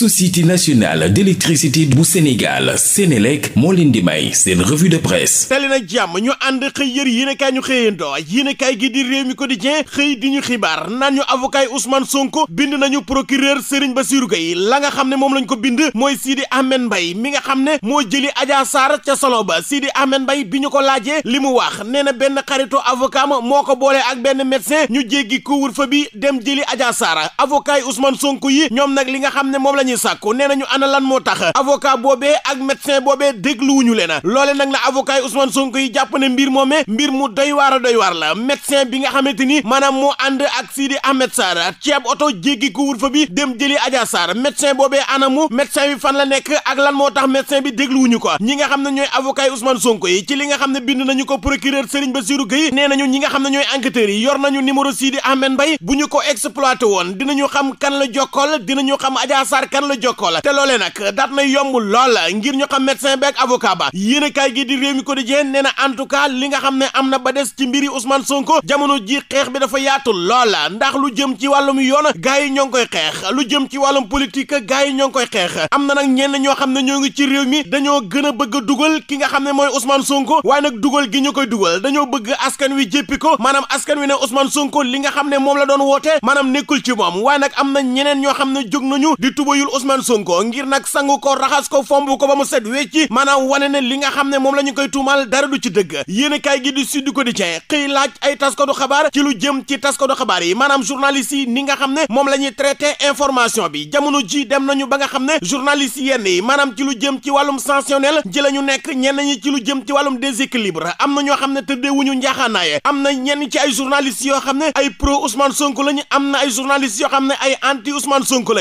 société nationale d'électricité bu Sénégal Sénélec moo leen di may seen revue de presse tali na jàmm ñu ànd xëy yër yéenekaay ñu xëyandoo yéenekaay gi di Rewmi Quotidien xëy di ñu xibaar naan ñu avocat Ousmane Sonko bind nañu ba Serigne Bassirou Gueye la nga xam ne moom lañ ko bind mooy Sidi Ahmed Mbaye mi nga xam ne moo jëli Adja Sarr ca solo ba Sidi Ahmed Mbaye bi ñu ko laajee li mu wax nee na benn xaritu avocat ma moo ko boolee ak benn médecin ñu jéggi couvre-feu bi dem jëli Adja Sarr avocat Ousmane Sonko yi ñoom nag li nga xam ne moom lañ ñu sàkku nee nañu ana lan moo tax avocat boobee ak médecin boobee dégluwuñu leen loole nag la avocat yi Ousmane Sonko yi jàpp mbir moomee mbir mu doy waar a doy la médecin bi nga xamante ni maanaam moo ànd ak Sidi Ahmed Sarr ceeb oto jéggi couvre-feu bi dem jëli Adja Sarr médecin boobee anamu médecin bi fan la nekk ak lan moo tax médecin bi dégluwuñu ko ñi nga xam ne ñooy avocat yi Ousmane Sonko yi ci li nga xam ne bind nañu ko procureur Serigne Bassirou Gueye ko askan la jokkoo la te loolee nag daat na yomb lool ngir ñu xam médecin beeg avocat ba yéenekaay gi di Rewmi Quotidien nee na en li nga xam ne am na ba des ci mbiri Ousmane Sonko jamono ji xeex bi dafa yaatu lool ndax lu jëm ci wàllum yoon gaa yi ñoo ngi koy xeex lu jëm ci wàllum politique gaa yi ñoo ngi koy xeex am na nag ñenn ñoo xam ne ñoo ngi ci réew mi dañoo gën a bëgg a dugal ki nga xam ne mooy Ousmane Sonko waaye nag dugal gi ñu koy dugal dañoo bëgg askan wi jéppi ko maanaam askan wi ne Ousmane li nga xam ne moom la doon woote maanaam nekkul am na ñeneen ñoo xam ne jóg Ousmane Sonko ngir nag sangu ko raxas ko fomb ko ba mu set wecci maanaam wane ne li nga xam ne moom la ñu koy tuumal dara du ci dëgg yéen kaay gi di Sud Quotidien xëy laaj ay taskatu xabaar ci lu jëm ci taskatu xabaar yi maanaam journaliste yi ni nga xam ne moom la ñuy traité information bi jamono ji dem nañu ba nga xam ne journaliste yenn yi maanaam ci lu jëm ci wàllum sensationnel ji la ñu nekk ñenn ñi ci lu jëm ci wàllum déséquilibre am na ñoo xam ne tëddeewuñu njaaxaanaaye am na ñenn ci ay journaliste yoo xam ne ay pro Ousmane Sonko lañu am na ay journaliste yoo xam ne ay anti Ousmane Sonko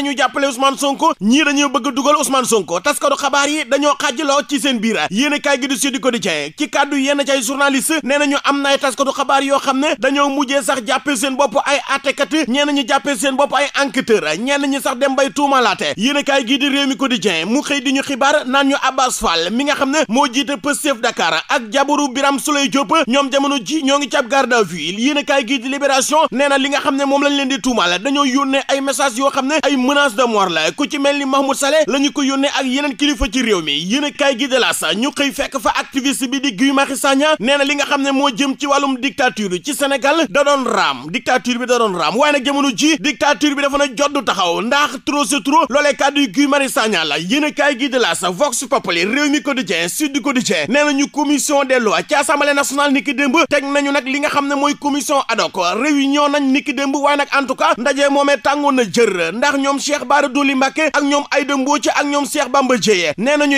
dañu jàppale Ousmane Sonko ñii dañoo bëgg a dugal Ousmane Sonko taskatu xabaar yi dañoo xaajaloo ci seen biir yéen i kaay gi di Sud Quotidien ci kàddu yenn ci ay journaliste nee am na ay taskatu yoo xam ne dañoo mujjee sax jàppee seen bopp ay àttekat ñenn ñu jàppee seen bopp ay enquêteur ñenn ñi sax dem bay tuumalaate yéen i kaay gi di Rewmi Quotidien mu xëy di ñu xibaar naan ñu Abbas Fall mi nga xam ne moo jiite Pastef Dakar ak jabaru Biram Souleye Diop ñoom jamono ji ñoo ngi ca garde à vue yéen i kaay gi di Libération nee na li nga xam ne moom lañ leen di tuumal dañoo yónnee ay message yoo xam ne ay menace de mort la ku ci mel ni Mahmoud Saleh la ñu ko yónnee ak yeneen kilifa ci réew mi yéen kaay gi de la sa ñu xëy fekk fa activiste bi di Guy Marius Sagna na li nga xam ne moo jëm ci wàllum dictature ci Sénégal da doon raam dictature bi da doon raam waaye nag jamono ji dictature bi dafa na du taxaw ndax trop c'est trop loolee kàddu Guy la yéen kaay gi de la sa Vox Populi Rewmi Quotidien Sud Quotidien nee nañu commission des lois ci Assemblée nationale niki démb teg nag li nga xam ne mooy commission ad hoc réunion nañ niki démb en tout cas ndaje moomee tàngoon na ndax ñoom Cheikh Bara ñoom Aïda Mbodj ak ñoom Cheikh Bamba Dièye nee nañu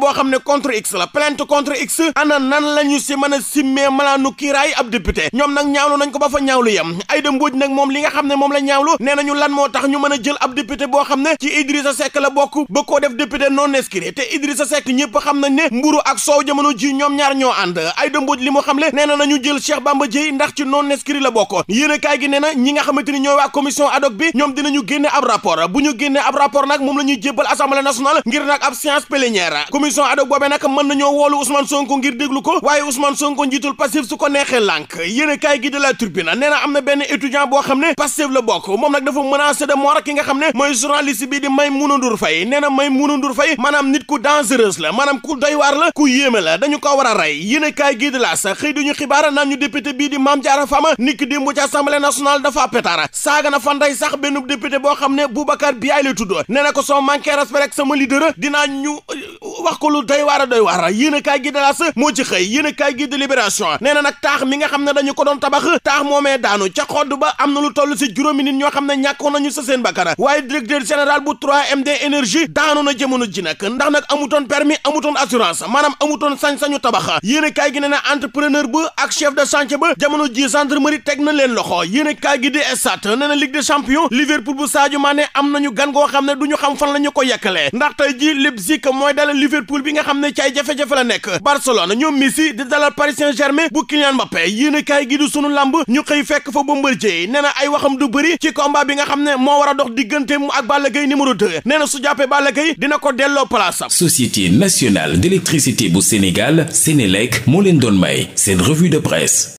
boo xam ne contre x la nan la ñu si mën a simmee malaanu kiiraay ab député ñoom nag ñaawlu ko ba fa ñaawlu yem Aïda Mbodj nag moom li nga xam ne moom la ñaawlu nee nañu lan moo tax ñu mën a jël ab député boo xam ne ci Idrissa Seck la bokk ba koo def député non inscrit te Idrissa Seck ñëpp xam nañ ne mburu ak soow jamono ji ñoom ñaar ñoo ànd Aïda Mbodj li mu xam le nee na ñu jël Cheikh Bamba Dièye ndax ci non inscrit la bokk yéen a kaay gi nee na ñi nga xamante ni ñooy waa commission ad hoc bi ñoom dinañu génne ab rapport bu ñu génnee ab rapport nag moom la ñuy jébbal assemblée nationale ngir nag ab séance plénière commission ad hoc boobee nag mën nañoo woolu Ousmane Sonko ngir déglu ko waaye Ousmane Sonko njiitul Pastef su ko neexee lànk yéene kaay gi de la Tribune am na benn étudiant boo xam ne Pastef la bokk moom nag dafa menacé de mort ki nga xam ne mooy journaliste bi di Maïmouna Ndour Faye nee na Maïmouna Ndour nit ku dangereuse la maanaam ne Boubacar Biaye la tudd nee na ko soo manqué respect rek sama leader dinaa ñu wax ko lu doy waar a doy waar yéen a kaay gi de L'As moo ci xëy yéen a kaay gi de Libération nee na nag taax mi nga xam ne dañu ko doon tabax taax moomee daanu ca xodd ba am na lu toll si juróomi nit ñoo xam ne ñàkkoon nañu sa seen bakkan waaye directeur général bu 3MD énergie daanu na jamono ji nag ndax nag amutoon permis amutoon assurance maanaam amutoon sañ-sañu tabax yéen a kaay gi nee na entrepreneur ak chef de chantier ba jamono ji gendarmerie teg na leen a kaay gi de Stades nee na Ligue des champions Liverpool bu xam ne du ñu xam la ñu ko yàkkalee ndax tey ji Leipzig mooy Liverpool bi nga xam ne ci ay jafe-jafe la nekk Barcelone ñoom Messi di dalal Paris Saint-Germain bu Kylian Mbappé yéenekaay gi du sunu lamb ñu xëy fekk fa Bombardier nee na ay waxam du bëri ci combat bi nga xam ne moo war a dox diggante mu ak Balla Gaye numéro 2 nee na su jàppee Balla Gaye dina ko delloo place am. Société nationale d'électricité bu Sénégal Sénélec moo leen doon may seen revue de presse.